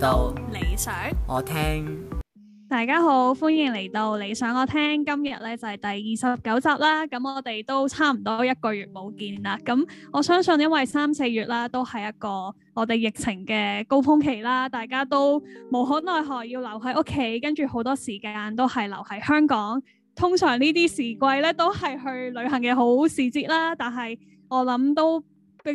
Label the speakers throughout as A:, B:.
A: 到
B: 理想，
A: 我聽。
B: 大家好，歡迎嚟到理想我聽。今日咧，就係第二十九集啦。咁我哋都差唔多一個月冇見啦。咁我相信因為三四月啦，都係一個我哋疫情嘅高峰期啦。大家都無可奈何要留喺屋企，跟住好多時間都係留喺香港。通常呢啲時季咧，都係去旅行嘅好時節啦。但係我諗都。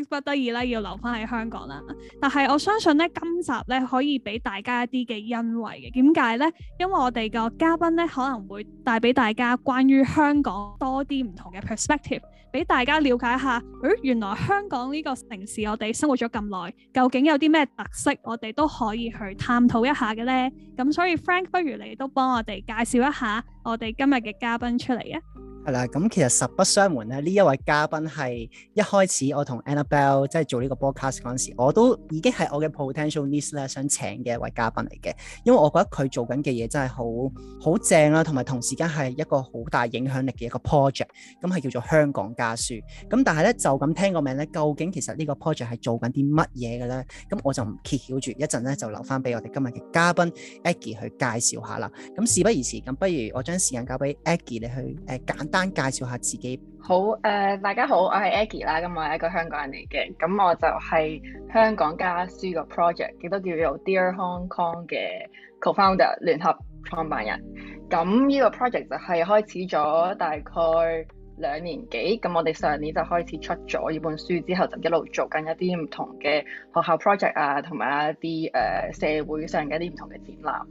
B: 迫不得已咧，要留翻喺香港啦。但係我相信咧，今集咧可以俾大家一啲嘅欣慰嘅。點解咧？因為我哋個嘉賓咧可能會帶俾大家關於香港多啲唔同嘅 perspective，俾大家了解下。誒、呃，原來香港呢個城市我哋生活咗咁耐，究竟有啲咩特色，我哋都可以去探討一下嘅咧。咁所以 Frank，不如你都幫我哋介紹一下我哋今日嘅嘉賓出嚟啊！
A: 係啦，咁、嗯、其實實不相瞞咧，呢一位嘉賓係一開始我同 Annabelle 即係做呢個 podcast 嗰陣時，我都已經係我嘅 potential list 咧想請嘅一位嘉賓嚟嘅，因為我覺得佢做緊嘅嘢真係好好正啦、啊，同埋同時間係一個好大影響力嘅一個 project，咁係叫做香港家書。咁但係咧就咁聽個名咧，究竟其實呢個 project 係做緊啲乜嘢嘅咧？咁我就唔揭曉住一陣咧，就留翻俾我哋今日嘅嘉賓 Aggie 去介紹下啦。咁事不宜遲，咁不如我將時間交俾 Aggie 你去誒簡單介紹下自己。好，
C: 誒、呃、大家好，我係 Aggie 啦，咁我係一個香港人嚟嘅，咁我就係鄉港家書個 project，亦都叫做 Dear Hong Kong 嘅 co-founder 聯合創辦人。咁呢個 project 就係開始咗大概兩年幾，咁我哋上年就開始出咗呢本書之後，就一路做緊一啲唔同嘅學校 project 啊，同埋一啲誒、呃、社會上嘅一啲唔同嘅展覽。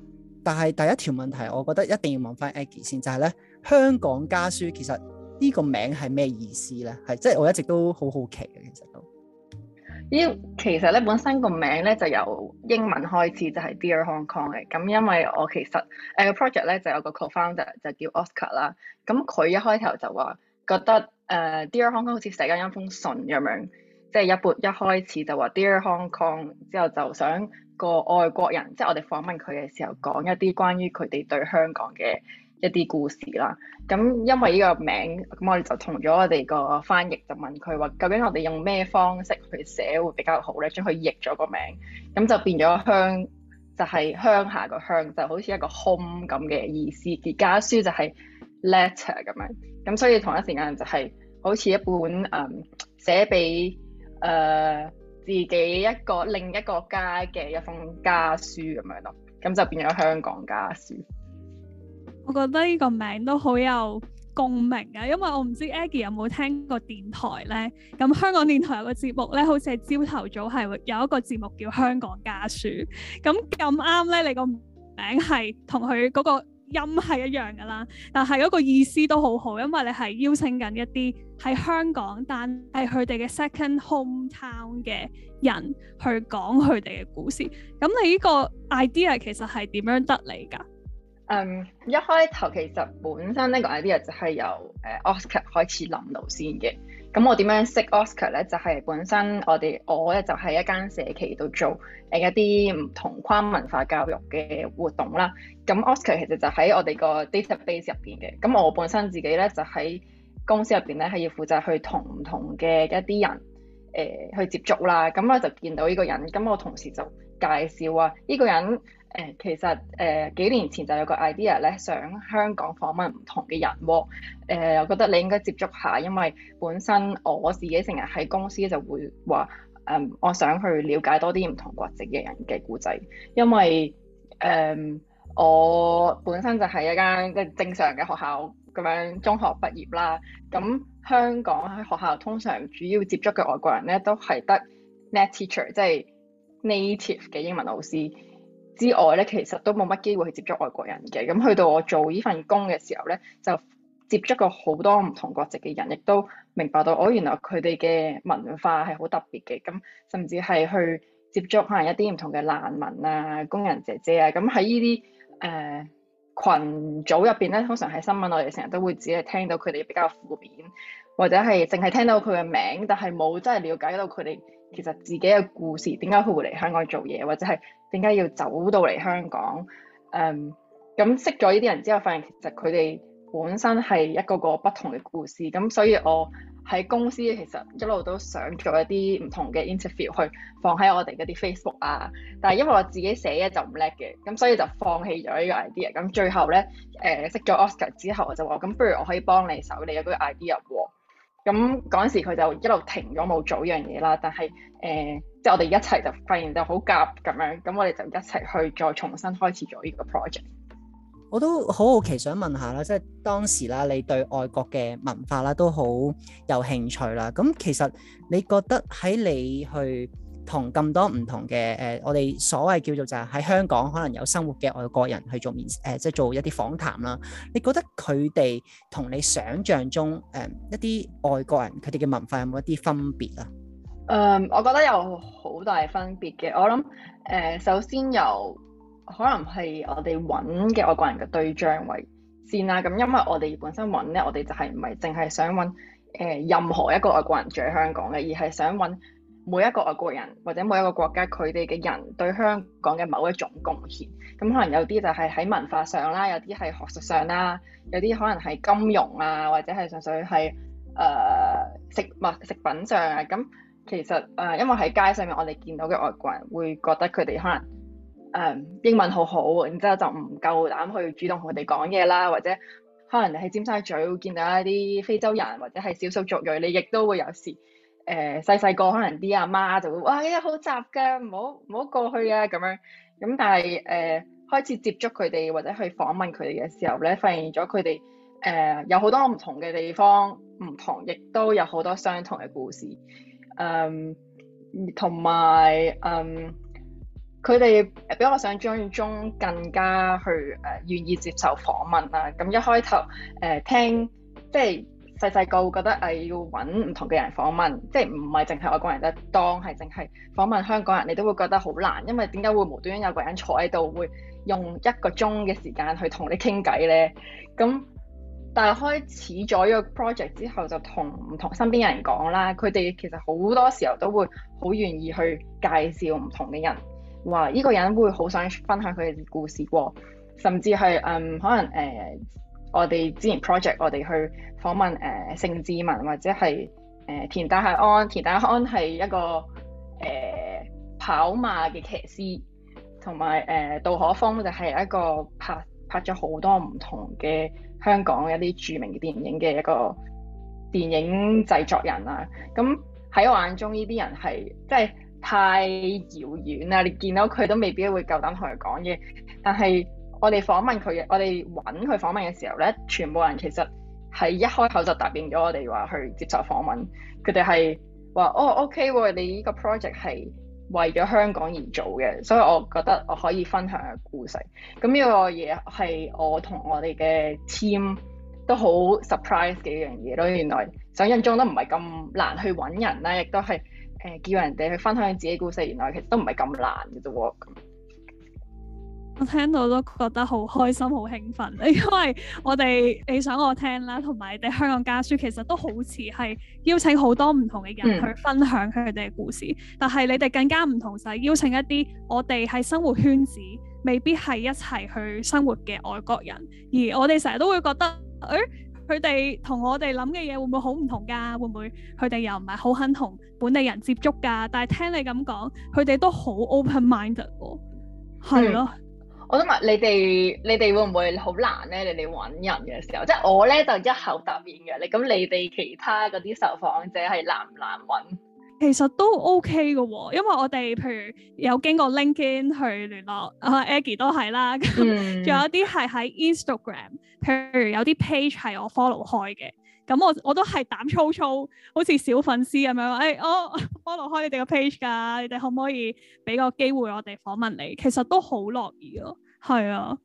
A: 但係第一條問題，我覺得一定要問翻 Aggie 先，就係咧。鄉港家書其實呢個名係咩意思咧？係即係我一直都好好奇嘅，其實都。
C: 依其實咧，本身個名咧就由英文開始，就係、是、Dear Hong Kong 嘅。咁因為我其實誒、呃、project 咧就有個 co-founder 就叫 Oscar 啦。咁佢一開頭就話覺得誒、uh, Dear Hong Kong 好似寫緊一封信咁樣，即、就、係、是、一撥一開始就話 Dear Hong Kong，之後就想個外國人，即、就、係、是、我哋訪問佢嘅時候講一啲關於佢哋對香港嘅一啲故事啦，咁因為呢個名，咁我哋就同咗我哋個翻譯就問佢話，究竟我哋用咩方式去寫會比較好咧？將佢譯咗個名，咁就變咗鄉，就係、是、鄉下個鄉，就好似一個 home 咁嘅意思。而家書就係 letter 咁樣，咁所以同一時間就係好似一本誒、嗯、寫俾誒、呃、自己一個另一個家嘅一封家書咁樣咯，咁就變咗鄉港家書。
B: 我覺得呢個名都好有共鳴嘅，因為我唔知 Aggie 有冇聽過電台咧。咁香港電台有個節目咧，好似係朝頭早係有一個節目叫《香港家書》。咁咁啱咧，你個名係同佢嗰個音係一樣噶啦。但係嗰個意思都好好，因為你係邀請緊一啲喺香港但係佢哋嘅 second hometown 嘅人去講佢哋嘅故事。咁你呢個 idea 其實係點樣得嚟㗎？嗯
C: ，um, 一開頭其實本身呢個 idea 就係由誒 Oscar 開始諗到先嘅。咁我點樣識 Oscar 咧？就係、是、本身我哋我咧就喺一間社企度做誒一啲唔同跨文化教育嘅活動啦。咁 Oscar 其實就喺我哋個 database 入邊嘅。咁我本身自己咧就喺公司入邊咧係要負責去同唔同嘅一啲人誒、呃、去接觸啦。咁我就見到呢個人，咁我同事就介紹啊，呢、這個人。誒其實誒、呃、幾年前就有個 idea 咧，想香港訪問唔同嘅人喎、喔呃。我覺得你應該接觸下，因為本身我自己成日喺公司就會話誒、呃，我想去了解多啲唔同國籍嘅人嘅古仔，因為誒、呃、我本身就係一間即係正常嘅學校咁樣中學畢業啦。咁香港喺學校通常主要接觸嘅外國人咧，都係得 native teacher，即係 native 嘅英文老師。之外咧，其實都冇乜機會去接觸外國人嘅。咁去到我做呢份工嘅時候咧，就接觸過好多唔同國籍嘅人，亦都明白到哦，原來佢哋嘅文化係好特別嘅。咁甚至係去接觸可能一啲唔同嘅難民啊、工人姐姐啊。咁喺、呃、呢啲誒羣組入邊咧，通常喺新聞我哋成日都會只係聽到佢哋比較負面。或者係淨係聽到佢嘅名，但係冇真係了解到佢哋其實自己嘅故事，點解佢會嚟香港做嘢，或者係點解要走到嚟香港？嗯，咁識咗呢啲人之後，發現其實佢哋本身係一個個不同嘅故事。咁所以我喺公司其實一路都想做一啲唔同嘅 interview 去放喺我哋嗰啲 Facebook 啊，但係因為我自己寫嘅就唔叻嘅，咁所以就放棄咗呢個 idea。咁最後咧，誒、嗯、識咗 Oscar 之後，我就話：咁不如我可以幫你手，啊，你有個 idea 喎。咁嗰陣時佢就一路停咗冇做依樣嘢啦，但係誒、呃，即係我哋一齊就發現就好夾咁樣，咁我哋就一齊去再重新開始做呢個 project。
A: 我都好好奇想問下啦，即係當時啦，你對外國嘅文化啦都好有興趣啦，咁其實你覺得喺你去。同咁多唔同嘅誒，我哋所謂叫做就係喺香港可能有生活嘅外國人去做面誒、呃，即係做一啲訪談啦。你覺得佢哋同你想像中誒、呃、一啲外國人佢哋嘅文化有冇一啲分別啊？誒、
C: 嗯，我覺得有好大分別嘅。我諗誒、呃，首先由可能係我哋揾嘅外國人嘅對象為先啦。咁因為我哋本身揾呢，我哋就係唔係淨係想揾誒、呃、任何一個外國人住喺香港嘅，而係想揾，每一個外國人或者每一個國家佢哋嘅人對香港嘅某一種貢獻，咁可能有啲就係喺文化上啦，有啲係學術上啦，有啲可能係金融啊，或者係純粹係誒、呃、食物食品上啊。咁其實誒、呃，因為喺街上面我哋見到嘅外國人會覺得佢哋可能誒、呃、英文好好，然之後就唔夠膽去主動同佢哋講嘢啦，或者可能你喺尖沙咀會見到一啲非洲人或者係少數族裔，你亦都會有時。誒細細個可能啲阿媽，媽就會，哇、哎！一日好雜㗎，唔好唔好過去啊咁樣。咁但係誒、呃、開始接觸佢哋或者去訪問佢哋嘅時候咧，發現咗佢哋誒有好多唔同嘅地方，唔同亦都有好多相同嘅故事。嗯，同埋嗯，佢哋比我想像中更加去誒、呃、願意接受訪問啦。咁、啊嗯、一開頭誒、呃、聽即係。細細個會覺得誒要揾唔同嘅人訪問，即係唔係淨係外國人得當，係淨係訪問香港人，你都會覺得好難，因為點解會無端端有個人坐喺度，會用一個鐘嘅時,時間去同你傾偈咧？咁但係開始咗呢個 project 之後，就同唔同身邊人講啦，佢哋其實好多時候都會好願意去介紹唔同嘅人，話呢、呢個人會好想分享佢嘅故事喎，甚至係誒、嗯、可能誒。呃我哋之前 project，我哋去訪問誒盛智文或者係誒、呃、田大安。田大安係一個誒、呃、跑馬嘅騎師，同埋誒杜可風就係一個拍拍咗好多唔同嘅香港一啲著名嘅電影嘅一個電影製作人啊，咁喺我眼中呢啲人係即係太遙遠啦，你見到佢都未必會夠膽同佢講嘢，但係，我哋訪問佢嘅，我哋揾佢訪問嘅時候咧，全部人其實係一開口就答應咗我哋話去接受訪問。佢哋係話：哦，OK，你呢個 project 係為咗香港而做嘅，所以我覺得我可以分享個故事。咁呢個嘢係我同我哋嘅 team 都好 surprise 嘅一樣嘢咯。原來想像中都唔係咁難去揾人啦，亦都係誒叫人哋去分享自己故事，原來其實都唔係咁難嘅啫喎。
B: 我聽到都覺得好開心、好興奮，因為我哋你想我聽啦，同埋你哋香港家書其實都好似係邀請好多唔同嘅人去分享佢哋嘅故事，嗯、但係你哋更加唔同就係邀請一啲我哋係生活圈子未必係一齊去生活嘅外國人，而我哋成日都會覺得，誒佢哋同我哋諗嘅嘢會唔會好唔同㗎？會唔會佢哋又唔係好肯同本地人接觸㗎？但係聽你咁講，佢哋都好 open mind 㗎喎，係咯、哦。嗯我想問你哋，
C: 你哋會唔會好難咧？你哋揾人嘅時候，即係我咧就一口答應嘅。你咁，你哋其他嗰啲受訪者係難唔難揾？
B: 其實都 OK 嘅，哦，因為我哋譬如有經過 LinkedIn 去聯絡，阿、啊、Aggie 都係啦。咁，嗯，仲有啲係喺 Instagram，譬如有啲 page 係我 follow 開嘅。咁我我都係膽粗粗，好似小粉絲咁樣。誒，我 follow 開你哋個 page 㗎，你哋可唔可以俾個機會我哋訪問你？其實都好樂意咯，係啊，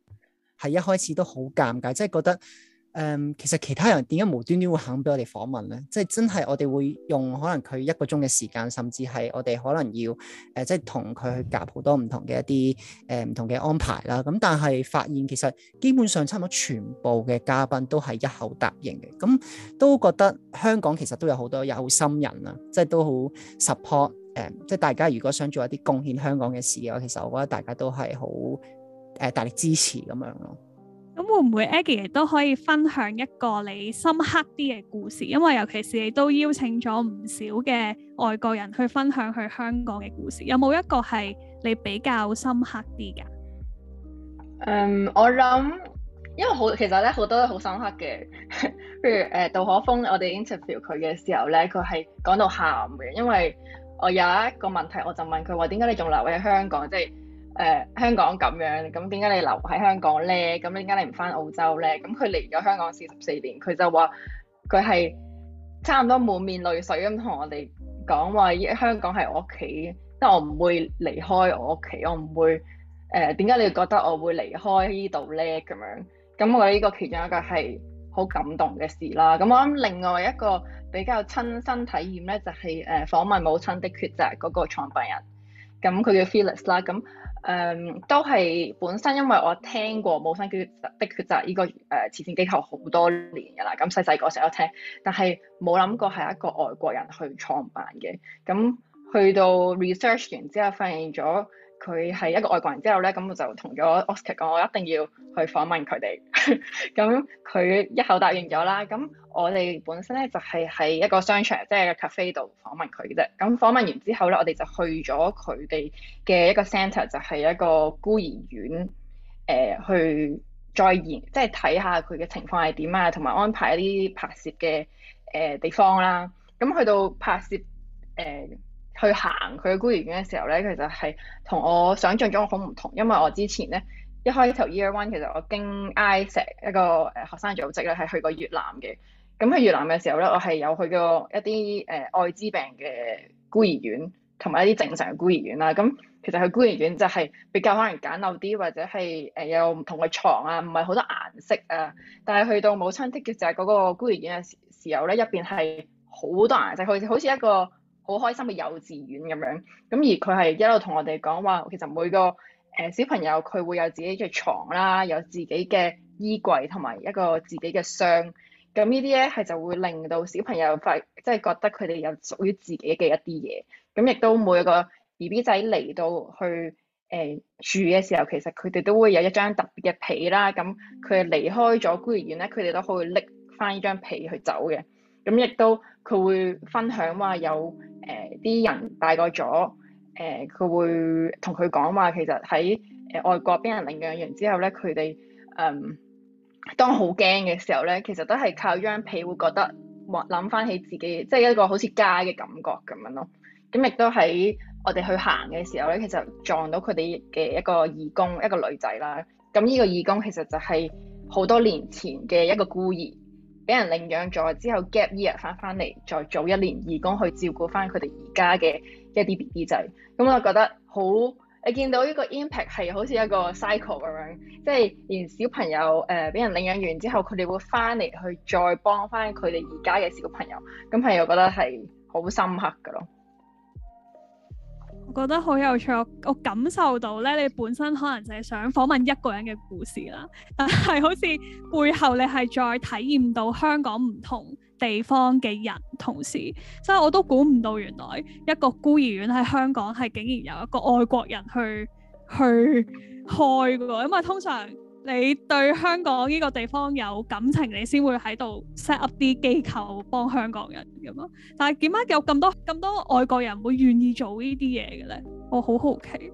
A: 係一開始都好尷尬，即係覺得。誒、嗯，其實其他人點解無端端會肯俾我哋訪問咧？即、就、係、是、真係我哋會用可能佢一個鐘嘅時,時間，甚至係我哋可能要誒，即係同佢去夾好多唔同嘅一啲誒唔同嘅安排啦。咁但係發現其實基本上差唔多全部嘅嘉賓都係一口答應嘅。咁、嗯、都覺得香港其實都有好多有心人啦，即、就、係、是、都好 support 誒、呃，即、就、係、是、大家如果想做一啲貢獻香港嘅事嘅話，其實我覺得大家都係好誒大力支持咁樣咯。
B: 咁會唔會 Aggie 都可以分享一個你深刻啲嘅故事？因為尤其是你都邀請咗唔少嘅外國人去分享去香港嘅故事，有冇一個係你比較深刻啲嘅？嗯
C: ，um, 我諗，因為好其實咧好多都好深刻嘅，譬 如誒、呃、杜可風，我哋 interview 佢嘅時候咧，佢係講到喊嘅，因為我有一個問題，我就問佢話點解你仲留喺香港，即係。誒香港咁樣，咁點解你留喺香港咧？咁點解你唔返澳洲咧？咁佢嚟咗香港四十四年，佢就話佢係差唔多滿面淚水咁同我哋講話，香港係我屋企，即係我唔會離開我屋企，我唔會誒點解你覺得我會離開呢度咧？咁樣咁我覺得呢個其中一個係好感動嘅事啦。咁我諗另外一個比較親身體驗咧，就係、是、誒訪問母親的抉擇嗰個創辦人，咁佢叫 Felix 啦，咁。誒、um, 都係本身，因為我聽過母親的抉擇呢個誒慈善機構好多年嘅啦，咁細細個成日都聽，但係冇諗過係一個外國人去創辦嘅，咁去到 research 完之後發現咗。佢係一個外國人之後咧，咁我就同咗 Oscar 講，我一定要去訪問佢哋。咁 佢一口答應咗啦。咁我哋本身咧就係喺一個商場，即係個 cafe 度訪問佢嘅啫。咁訪問完之後咧，我哋就去咗佢哋嘅一個 center，就係一個孤兒院。誒、呃，去再研即係睇下佢嘅情況係點啊，同埋安排一啲拍攝嘅誒、呃、地方啦。咁去到拍攝誒、呃去行佢嘅孤兒院嘅時候咧，其實係同我想像中好唔同，因為我之前咧一開頭 year one 其實我經 AIESEC 一個誒學生組織咧係去過越南嘅，咁去越南嘅時候咧，我係有去過一啲誒愛滋病嘅孤兒院同埋一啲正常嘅孤兒院啦。咁其實去孤兒院就係比較可能簡陋啲，或者係誒有唔同嘅床啊，唔係好多顏色啊。但係去到母親的就係嗰個孤兒院嘅時候咧，入邊係好多顏色，好似好似一個好開心嘅幼稚園咁樣，咁而佢係一路同我哋講話，其實每個誒小朋友佢會有自己嘅床啦，有自己嘅衣櫃同埋一個自己嘅箱。咁呢啲咧係就會令到小朋友發即係覺得佢哋有屬於自己嘅一啲嘢。咁亦都每個 BB 仔嚟到去誒、呃、住嘅時候，其實佢哋都會有一張特別嘅被啦。咁佢離開咗孤兒院咧，佢哋都可以拎翻呢張被去走嘅。咁亦都佢會分享話有誒啲、呃、人大個咗，誒、呃、佢會同佢講話，其實喺誒外國俾人領養完之後咧，佢哋嗯當好驚嘅時候咧，其實都係靠張被會覺得話諗翻起自己，即係一個好似家嘅感覺咁樣咯。咁、嗯、亦都喺我哋去行嘅時候咧，其實撞到佢哋嘅一個義工一個女仔啦。咁、嗯、呢、呢個義工其實就係好多年前嘅一個孤兒。俾人領養咗之後 gap year 翻翻嚟，再做一年義工去照顧翻佢哋而家嘅一啲 B B 仔，咁、嗯、我覺得好，你見到呢個 impact 係好似一個 cycle 咁樣，即係連小朋友誒俾、呃、人領養完之後，佢哋會翻嚟去再幫翻佢哋而家嘅小朋友，咁、嗯、係我覺得係好深刻噶咯。
B: 我覺得好有趣，我感受到咧，你本身可能就係想訪問一個人嘅故事啦，但係好似背後你係再體驗到香港唔同地方嘅人，同時所以我都估唔到原來一個孤兒院喺香港係竟然有一個外國人去去開嘅喎，因為通常。你對香港呢個地方有感情，你先會喺度 set up 啲機構幫香港人咁咯。但係點解有咁多咁多外國人會願意做呢啲嘢嘅咧？我好好奇。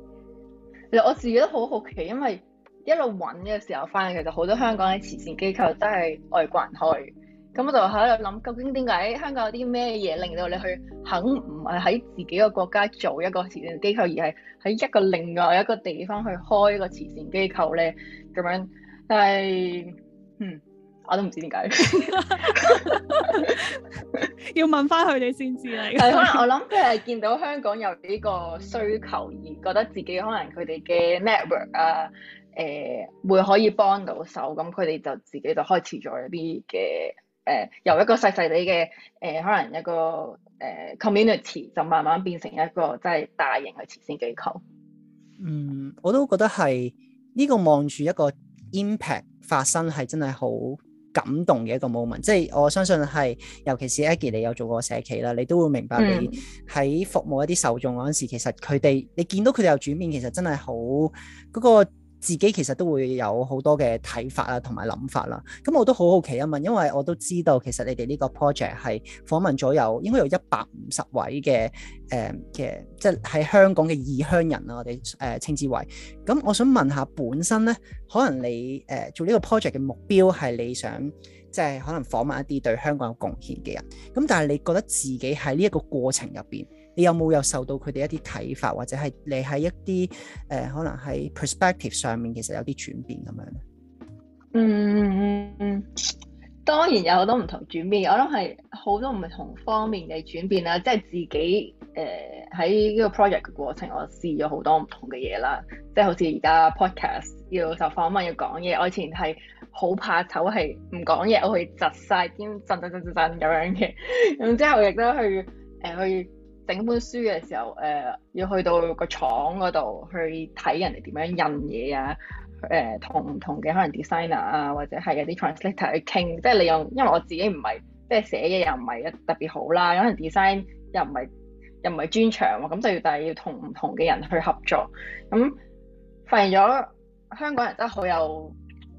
B: 其實我自己都好好奇，因為一路揾嘅時候，發現其實好多香港嘅
C: 慈善機構都係外國人開。咁我就喺度諗，究竟點解香港有啲咩嘢令到你去肯唔係喺自己個國家做一個慈善機構，而係喺一個另外一個地方去開一個慈善機構咧？咁樣，但係嗯，我都
B: 唔知點解，要問翻佢哋先知嚟。係可能我諗
C: 佢係見到香港有幾個需求而覺得自己可能佢哋嘅 network 啊，誒會可以幫到手，咁佢哋就自己就開始咗一啲嘅。誒、呃、由一個細細哋嘅誒，可能一個誒、呃、community 就慢慢變成一個即係大型嘅慈善機構。嗯，
A: 我都覺得係呢、這個望住一個 impact 發生係真係好感動嘅一個 moment。即係我相信係，尤其是 Aggie 你有做過社企啦，你都會明白你喺服務一啲受眾嗰陣時，嗯、其實佢哋你見到佢哋有轉變，其實真係好嗰自己其實都會有好多嘅睇法啊，同埋諗法啦。咁我都好好奇啊，問，因為我都知道其實你哋呢個 project 係訪問咗有應該有一百五十位嘅誒嘅，即係喺香港嘅異鄉人啊，我哋誒稱之為。咁我想問下，本身呢，可能你誒、呃、做呢個 project 嘅目，目標係你想即係、就是、可能訪問一啲對香港有貢獻嘅人。咁但係你覺得自己喺呢一個過程入邊，你有冇有受到佢哋一啲啟發，或者係你喺一啲誒可能喺 perspective 上面，其實有啲轉變咁樣咧？嗯嗯嗯，
C: 當然有好多唔同轉變，我諗係好多唔同方面嘅轉變啦。即係自己誒喺呢個 project 嘅過程，我試咗好多唔同嘅嘢啦。即係好似而家 podcast 要受訪問要講嘢，我以前係好怕醜，係唔講嘢，我去窒晒邊震震震震震咁樣嘅。咁之後亦都去誒去。整本書嘅時候，誒、呃、要去到個廠嗰度去睇人哋點樣印嘢啊，誒、呃、同唔同嘅可能 designer 啊，或者係有啲 translator 去傾，即係你用，因為我自己唔係即係寫嘢又唔係一特別好啦，可能 design 又唔係又唔係專長喎，咁就要但係要同唔同嘅人去合作，咁發現咗香港人真係好有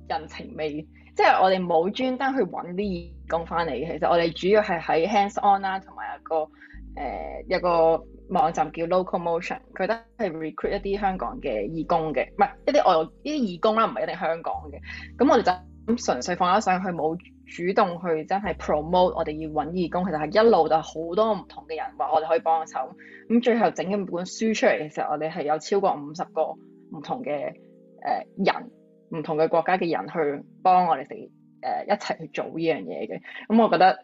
C: 人情味，即係我哋冇專登去揾啲義工翻嚟，其實我哋主要係喺 hands on 啦、啊，同埋一個。誒、uh, 有一個網站叫 Local Motion，佢都係 recruit 一啲香港嘅義工嘅，唔係一啲外呢啲義工啦，唔係一定香港嘅。咁我哋就純粹放咗上去，冇主動去真係 promote 我哋要揾義工，其實係一路就好多唔同嘅人話我哋可以幫手。咁最後整一本書出嚟嘅時候，我哋係有超過五十個唔同嘅誒人，唔同嘅國家嘅人去幫我哋哋誒一齊去做呢樣嘢嘅。咁我覺得。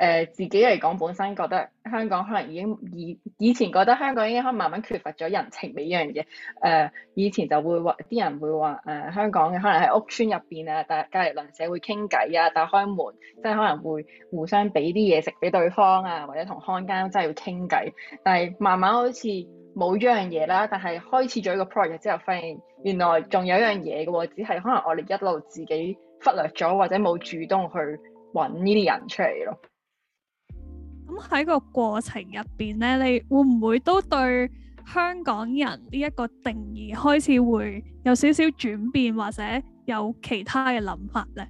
C: 誒、呃、自己嚟講，本身覺得香港可能已經以以前覺得香港已經可能慢慢缺乏咗人情味呢樣嘢。誒、呃、以前就會話啲人會話誒、呃、香港嘅可能喺屋村入邊啊，但係隔離鄰舍會傾偈啊，打開門，即係可能會互相俾啲嘢食俾對方啊，或者同看更真係要傾偈。但係慢慢好似冇依樣嘢啦，但係開始咗依個 project 之後，發現原來仲有一樣嘢嘅喎，只係可能我哋一路自己忽略咗或者冇主動去揾呢啲人出嚟咯。
B: 咁喺個過程入邊咧，你會唔會都對香港人呢一個定義開始會有少少轉變，或者有其他嘅諗法呢？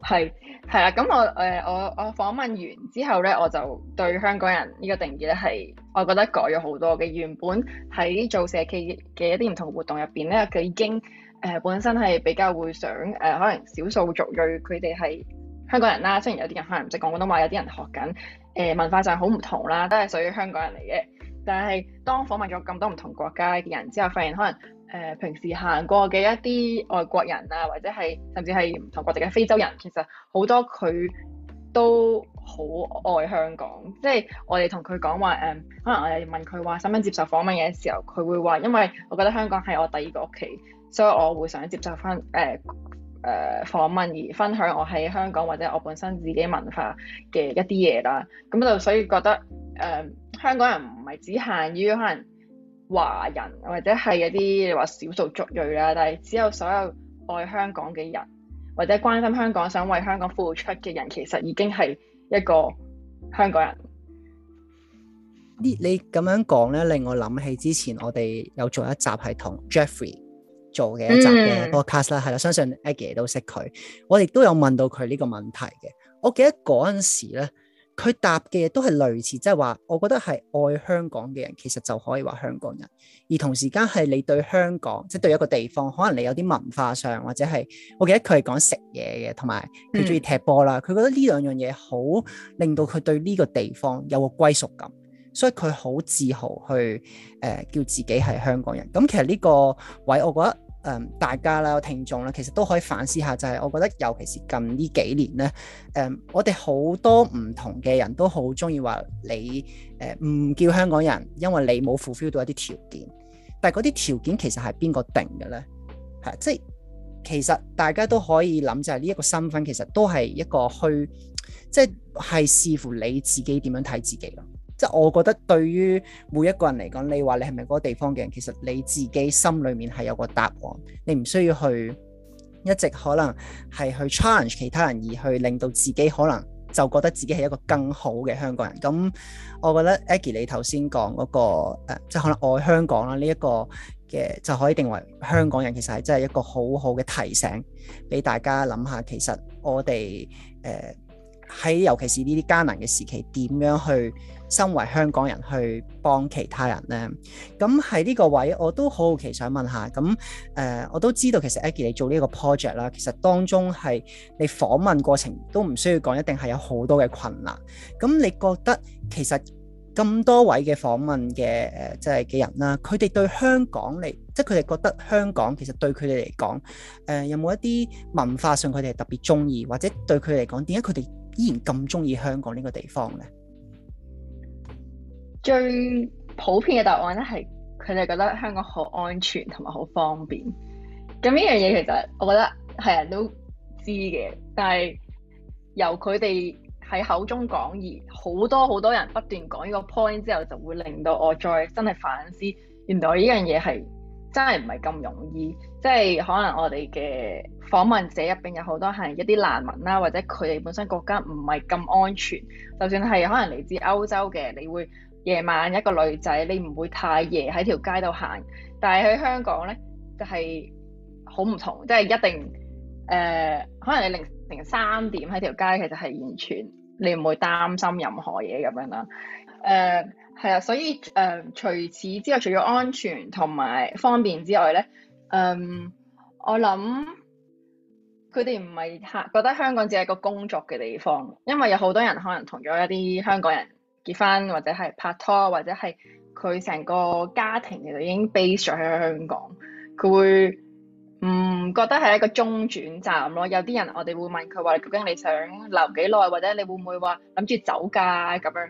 C: 係係啦，咁我誒、呃、我我訪問完之後呢，我就對香港人呢個定義呢，係，我覺得改咗好多嘅。原本喺做社企嘅一啲唔同活動入邊呢，佢已經誒、呃、本身係比較會想誒、呃，可能少數族裔佢哋係。香港人啦，雖然有啲人可能唔識講廣東話，有啲人學緊，誒、呃、文化上好唔同啦，都係屬於香港人嚟嘅。但係當訪問咗咁多唔同國家嘅人之後，發現可能誒、呃、平時行過嘅一啲外國人啊，或者係甚至係唔同國籍嘅非洲人，其實好多佢都好愛香港。即、就、係、是、我哋同佢講話，誒、呃、可能我哋問佢話想唔想接受訪問嘅時候，佢會話因為我覺得香港係我第二個屋企，所以我會想接受翻誒。呃誒、呃、訪問而分享我喺香港或者我本身自己文化嘅一啲嘢啦，咁就所以覺得誒、呃、香港人唔係只限於可能華人或者係一啲你話少數族裔啦，但係只有所有愛香港嘅人或者關心香港想為香港付出嘅人，其實已經係一個香港
A: 人。你，你呢，你咁樣講咧，令我諗起之前我哋有做一集係同 Jeffrey。做嘅一集嘅 podcast 啦、mm，係、hmm. 啦，相信 Aggie 都識佢，我亦都有問到佢呢個問題嘅。我記得嗰陣時咧，佢答嘅嘢都係類似，即係話我覺得係愛香港嘅人其實就可以話香港人，而同時間係你對香港，即、就、係、是、對一個地方，可能你有啲文化上或者係我記得佢係講食嘢嘅，同埋佢中意踢波啦，佢、mm hmm. 覺得呢兩樣嘢好令到佢對呢個地方有個歸屬感。所以佢好自豪去誒、呃、叫自己係香港人。咁其實呢個位，我覺得誒、呃、大家啦、聽眾啦，其實都可以反思下。就係我覺得，尤其是近呢幾年咧，誒、呃、我哋好多唔同嘅人都好中意話你誒唔、呃、叫香港人，因為你冇 fulfill 到一啲條件。但係嗰啲條件其實係邊個定嘅咧？係即係其實大家都可以諗，就係呢一個身份其實都係一個去，即係係視乎你自己點樣睇自己咯。即係我覺得對於每一個人嚟講，你話你係咪嗰個地方嘅人，其實你自己心裡面係有個答案，你唔需要去一直可能係去 challenge 其他人，而去令到自己可能就覺得自己係一個更好嘅香港人。咁我覺得 Aggie 你頭先講嗰個即係、呃即係、可能愛香港啦、呢個，呢一個嘅就可以定為香港人其實係真係一個好好嘅提醒，俾大家諗下，其實我哋誒。呃喺尤其是呢啲艱難嘅時期，點樣去身為香港人去幫其他人咧？咁喺呢個位，我都好好奇想問下。咁誒、呃、我都知道其實 Aggie 你做呢個 project 啦，其實當中係你訪問過程都唔需要講一定係有好多嘅困難，咁你覺得其實咁多位嘅訪問嘅誒即係嘅人啦，佢哋對香港嚟，即係佢哋覺得香港其實對佢哋嚟講誒有冇一啲文化上佢哋係特別中意，或者對佢嚟講點解佢哋？依然咁中意香港呢個地方呢，
C: 最普遍嘅答案咧係佢哋覺得香港好安全同埋好方便。咁呢樣嘢其實我覺得係人都知嘅，但係由佢哋喺口中講而好多好多人不斷講呢個 point 之後，就會令到我再真係反思，原來呢樣嘢係。真係唔係咁容易，即係可能我哋嘅訪問者入邊有好多係一啲難民啦，或者佢哋本身國家唔係咁安全。就算係可能嚟自歐洲嘅，你會夜晚一個女仔，你唔會太夜喺條街度行。但係喺香港呢，就係好唔同，即係一定誒，可能你凌晨三點喺條街，其實係完全你唔會擔心任何嘢咁樣啦，誒。係啊，所以誒、嗯，除此之外，除咗安全同埋方便之外咧，嗯，我諗佢哋唔係客覺得香港只係一個工作嘅地方，因為有好多人可能同咗一啲香港人結婚，或者係拍拖，或者係佢成個家庭其實已經 base 咗喺香港，佢會唔、嗯、覺得係一個中轉站咯？有啲人我哋會問佢話：究竟你想留幾耐，或者你會唔會話諗住走㗎咁樣？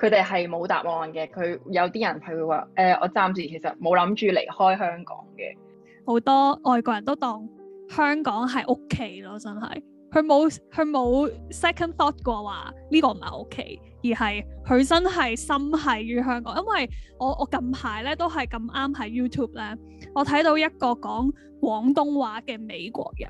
C: 佢哋係冇答案嘅，佢有啲人佢會話：誒、呃，我暫時其實冇諗住離開香港嘅。
B: 好多外國人都當香港係屋企咯，真係佢冇佢冇 second thought 過話呢個唔係屋企，而係佢真係心繫於香港。因為我我近排咧都係咁啱喺 YouTube 咧，我睇到一個講廣東話嘅美國人，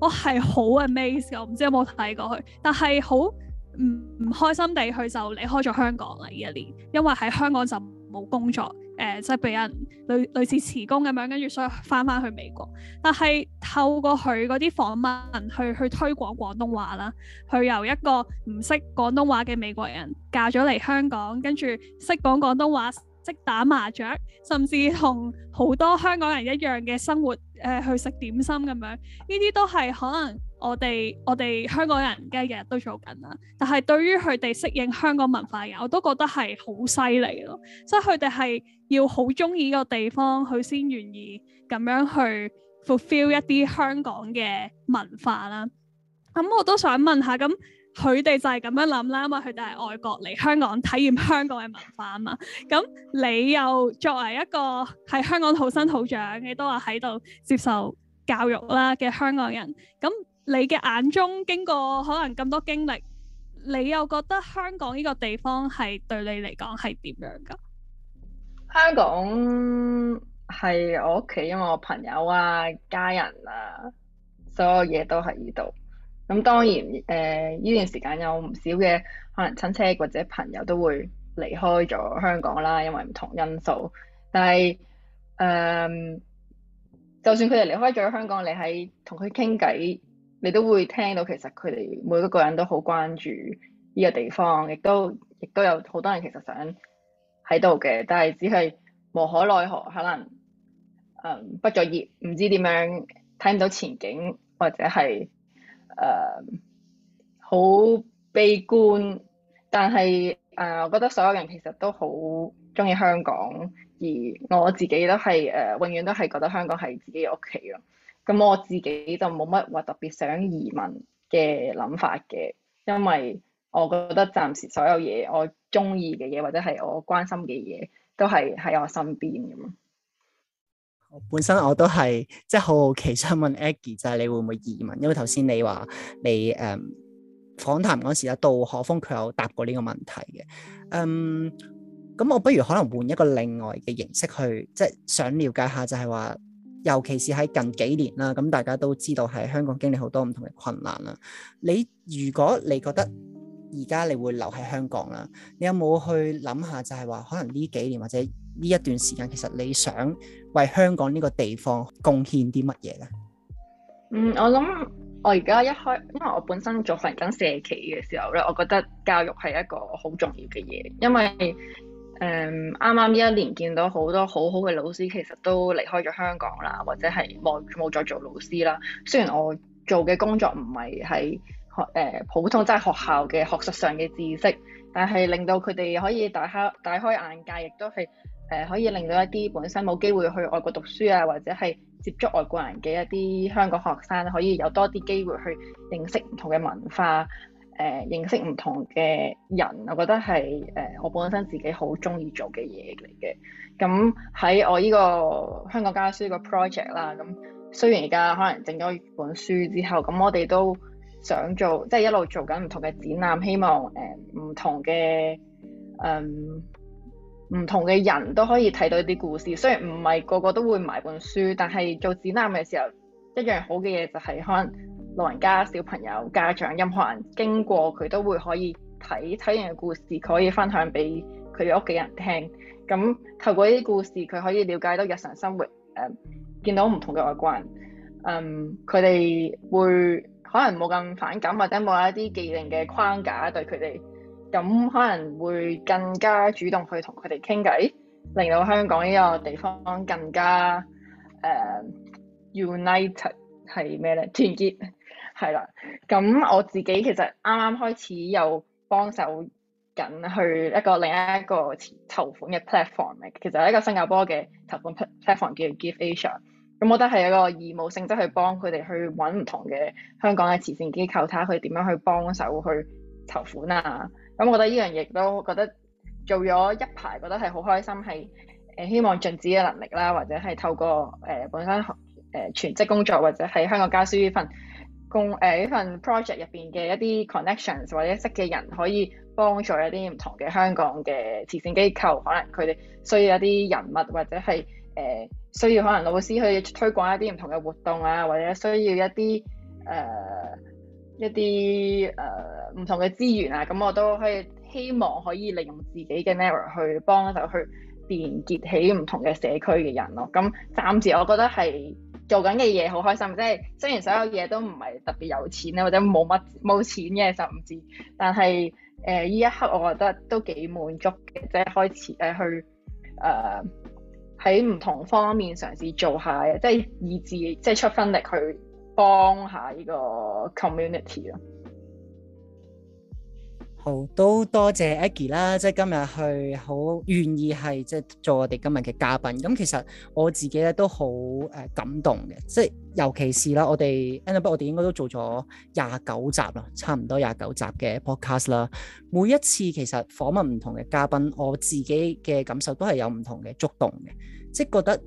B: 我係好 amazed，我唔知有冇睇過佢，但係好。唔唔開心地佢就離開咗香港啦，呢一年，因為喺香港就冇工作，誒即係俾人類類似辭工咁樣，跟住所以翻翻去美國。但係透過佢嗰啲訪問去，去去推廣廣東話啦，佢由一個唔識廣東話嘅美國人嫁咗嚟香港，跟住識講廣東話，識打麻雀，甚至同好多香港人一樣嘅生活，誒、呃、去食點心咁樣，呢啲都係可能。我哋我哋香港人嘅日日都做緊啦，但係對於佢哋適應香港文化嘅人，我都覺得係好犀利咯。即係佢哋係要好中意個地方，佢先願意咁樣去 fulfill 一啲香港嘅文化啦。咁、嗯、我都想問下，咁佢哋就係咁樣諗啦，因為佢哋係外國嚟香港體驗香港嘅文化啊嘛。咁、嗯、你又作為一個係香港土生土長，你都話喺度接受教育啦嘅香港人，咁、嗯。你嘅眼中經過可能咁多經歷，你又覺得香港呢個地方係對你嚟講係點樣噶？
C: 香港係我屋企，因為我朋友啊、家人啊，所有嘢都喺呢度。咁當然，誒、呃、呢段時間有唔少嘅可能親戚或者朋友都會離開咗香港啦，因為唔同因素。但係誒、呃，就算佢哋離開咗香港，你喺同佢傾偈。你都會聽到，其實佢哋每一個人都好關注呢個地方，亦都亦都有好多人其實想喺度嘅，但係只係無可奈何，可能誒畢咗業，唔、呃、知點樣睇唔到前景，或者係誒好悲觀。但係誒、呃，我覺得所有人其實都好鍾意香港，而我自己都係誒、呃，永遠都係覺得香港係自己嘅屋企咯。咁我自己就冇乜話特別想移民嘅諗法嘅，因為我覺得暫時所有嘢我中意嘅嘢或者係我關心嘅嘢都係喺我身邊咁。
A: 本身我都係即係好好奇想問 Aggie 就係你會唔會移民？因為頭先你話你誒、嗯、訪談嗰時啊，杜可峯佢有答過呢個問題嘅。嗯，咁我不如可能換一個另外嘅形式去，即係想了解下就係話。尤其是喺近幾年啦，咁大家都知道喺香港經歷好多唔同嘅困難啦。你如果你覺得而家你會留喺香港啦，你有冇去諗下就係話，可能呢幾年或者呢一段時間，其實你想為香港呢個地方貢獻啲乜嘢呢？
C: 嗯，我諗我而家一開，因為我本身做翻緊社企嘅時候咧，我覺得教育係一個好重要嘅嘢，因為。誒啱啱呢一年見到好多好好嘅老師，其實都離開咗香港啦，或者係冇冇再做老師啦。雖然我做嘅工作唔係喺學誒普通，即係學校嘅學術上嘅知識，但係令到佢哋可以大開大開眼界，亦都係誒、呃、可以令到一啲本身冇機會去外國讀書啊，或者係接觸外國人嘅一啲香港學生，可以有多啲機會去認識唔同嘅文化。誒、呃、認識唔同嘅人，我覺得係誒、呃、我本身自己好中意做嘅嘢嚟嘅。咁、嗯、喺我呢、這個鄉港家書個 project 啦，咁、嗯、雖然而家可能整咗本書之後，咁、嗯、我哋都想做，即、就、係、是、一路做緊唔同嘅展覽，希望誒唔、嗯、同嘅嗯唔同嘅人都可以睇到一啲故事。雖然唔係個個都會買本書，但係做展覽嘅時候一樣好嘅嘢就係可能，老人家、小朋友、家長，任何人經過佢都會可以睇睇完嘅故事，可以分享俾佢屋企人聽。咁、嗯、透過呢啲故事，佢可以了解到日常生活，誒、嗯、見到唔同嘅外國人。嗯，佢哋會可能冇咁反感或者冇一啲既定嘅框架對佢哋，咁、嗯嗯、可能會更加主動去同佢哋傾偈，令到香港呢個地方更加誒、嗯、united 係咩咧團結。係啦，咁我自己其實啱啱開始有幫手緊去一個另一個籌款嘅 platform 嚟，其實係一個新加坡嘅籌款 platform 叫 Give Asia。咁我覺得係一個義務性質去幫佢哋去揾唔同嘅香港嘅慈善機構，睇下佢點樣去幫手去籌款啊。咁我覺得呢樣嘢都覺得做咗一排，覺得係好開心，係誒希望盡自己嘅能力啦，或者係透過誒、呃、本身誒、呃、全職工作或者係鄉港家書呢份。公誒呢份 project 入邊嘅一啲 connections 或者識嘅人可以幫助一啲唔同嘅香港嘅慈善機構，可能佢哋需要一啲人物或者係誒、呃、需要可能老師去推廣一啲唔同嘅活動啊，或者需要一啲誒、呃、一啲誒唔同嘅資源啊，咁、嗯、我都係希望可以利用自己嘅 network 去幫手去連結起唔同嘅社區嘅人咯。咁、嗯、暫時我覺得係做緊嘅嘢好開心，即係雖然所有嘢都唔係特別有錢咧，或者冇乜冇錢嘅甚至，但係誒呢一刻我覺得都幾滿足嘅，即係開始誒去誒喺唔同方面嘗試做下，即係以自己即係出分力去幫下呢個
A: community 咯。哦、都多謝 Aggie 啦，即係今日去好願意係即係做我哋今日嘅嘉賓。咁、嗯、其實我自己咧都好誒、呃、感動嘅，即係尤其是啦， 我哋 Another 我哋應該都做咗廿九集啦，差唔多廿九集嘅 podcast 啦。每一次其實訪問唔同嘅嘉賓，我自己嘅感受都係有唔同嘅觸動嘅，即係覺得誒、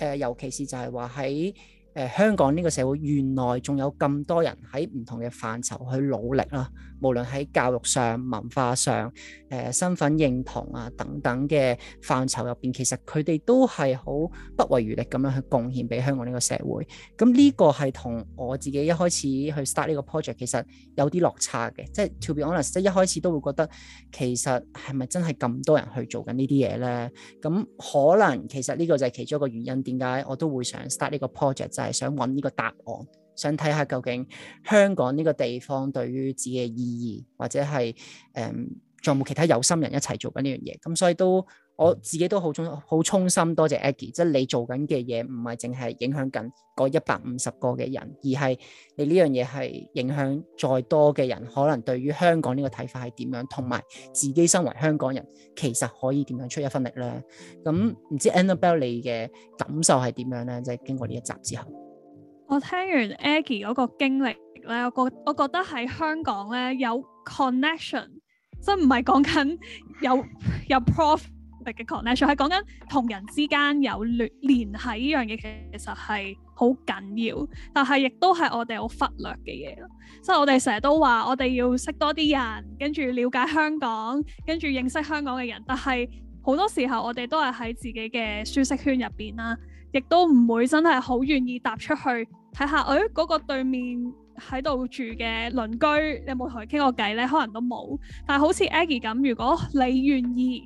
A: 呃，尤其是就係話喺，誒、呃、香港呢個社會原來仲有咁多人喺唔同嘅範疇去努力啦，無論喺教育上、文化上、誒、呃、身份認同啊等等嘅範疇入邊，其實佢哋都係好不遺餘力咁樣去貢獻俾香港呢個社會。咁呢個係同我自己一開始去 start 呢個 project 其實有啲落差嘅，即係 to be honest，即係一開始都會覺得其實係咪真係咁多人去做緊呢啲嘢咧？咁可能其實呢個就係其中一個原因，點解我都會想 start 呢個 project。但係想揾呢個答案，想睇下究竟香港呢個地方對於自己嘅意義，或者係誒仲有冇其他有心人一齊做緊呢樣嘢？咁所以都。我自己都好衷好衷心，多謝 Aggie，即係你做緊嘅嘢唔係淨係影響緊嗰一百五十個嘅人，而係你呢樣嘢係影響再多嘅人，可能對於香港呢個睇法係點樣，同埋自己身為香港人其實可以點樣出一分力咧。咁唔知 Annabelle 你嘅感受係點樣咧？即係經過呢一集之後，
B: 我聽完 Aggie 嗰個經歷咧，我覺我覺得喺香港咧有 connection，即係唔係講緊有有 profit。嘅 connection 係講緊同人之間有聯聯繫，呢樣嘢其實係好緊要，但係亦都係我哋好忽略嘅嘢咯。即係我哋成日都話，我哋要識多啲人，跟住了解香港，跟住認識香港嘅人。但係好多時候，我哋都係喺自己嘅舒適圈入邊啦，亦都唔會真係好願意踏出去睇下。誒嗰個對面喺度住嘅鄰居，你有冇同佢傾過偈咧？可能都冇。但係好似 Aggie 咁，如果你願意，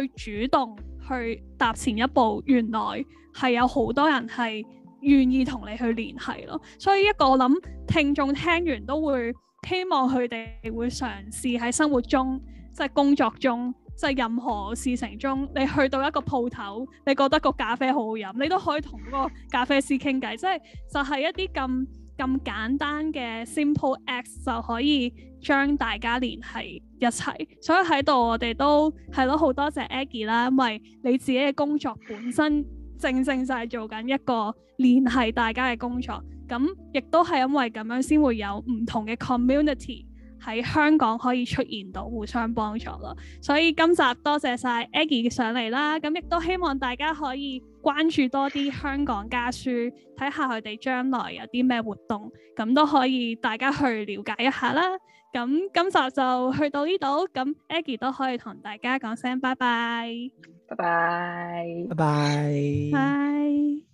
B: 去主動去踏前一步，原來係有好多人係願意同你去聯繫咯。所以一個我諗聽眾聽完都會希望佢哋會嘗試喺生活中、即係工作中、即係任何事情中，你去到一個鋪頭，你覺得個咖啡好好飲，你都可以同嗰個咖啡師傾偈，即係就係一啲咁。咁簡單嘅 simple acts 就可以將大家聯繫一齊，所以喺度我哋都係咯，好多謝 Aggie 啦，因為你自己嘅工作本身正正就係做緊一個聯繫大家嘅工作，咁亦都係因為咁樣先會有唔同嘅 community。喺香港可以出現到互相幫助咯，所以今集多謝晒 Aggie 上嚟啦，咁亦都希望大家可以關注多啲鄉港家書，睇下佢哋將來有啲咩活動，咁都可以大家去了解一下啦。咁今集就去到呢度，咁 Aggie 都可以同大家講聲拜拜，拜拜，拜拜，拜。